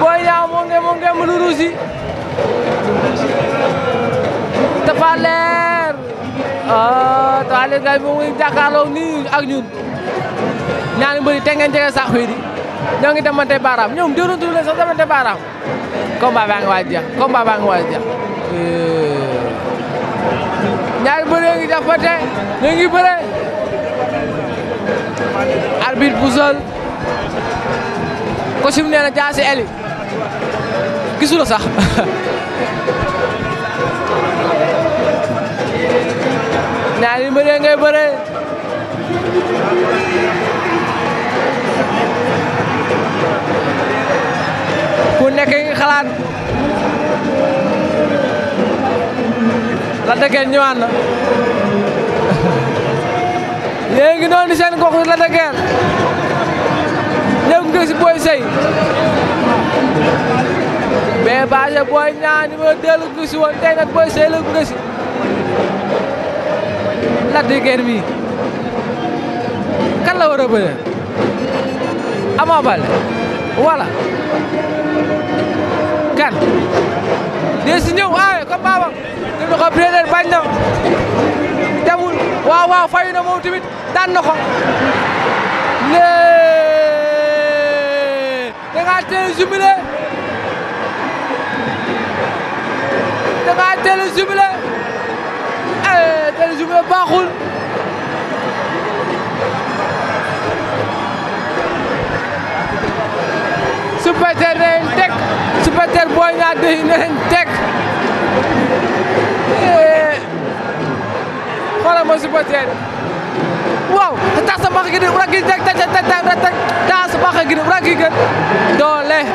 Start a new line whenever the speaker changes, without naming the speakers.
Boy Niang moo ngi moo ngi mu lu ruusi Tapha Leer ah Tapha nii ak ñun ñaari mbëri te ngeen jege sax di ñoo ngi demante baaraam ñoom déwénatu leen sax demante baaraam combat baa waaj jeex combat baa waaj jeex eh. ñaari mbëri ngi jàppante ñu ngi bëre arbitre bu sol costume nee na Dia Sy Ely gisu la sax ñaari mbëree ngay bëree ku nekk ngi xalaat la dëggeen ñëwaat na noonu seen gox la dëggeen Gueye Bébé Bassé Boy Niang numéro 2 la gis woon tey nag Boy Seye la gis Lac de Guiers bi kan war a bëre Ama Baldé wala kan dee si ñëw aaye comme baabam te du ko président bañ na demul waaw waaw fayu na moom tamit daan na ko lee Télé jubilé Tapha Télé jubilé eh, Télé supporter nañ teg supporter Boy Niang dëy nañ teg eh, xoolal ma supporter waaw tax sa max gi di raggi teg teg teg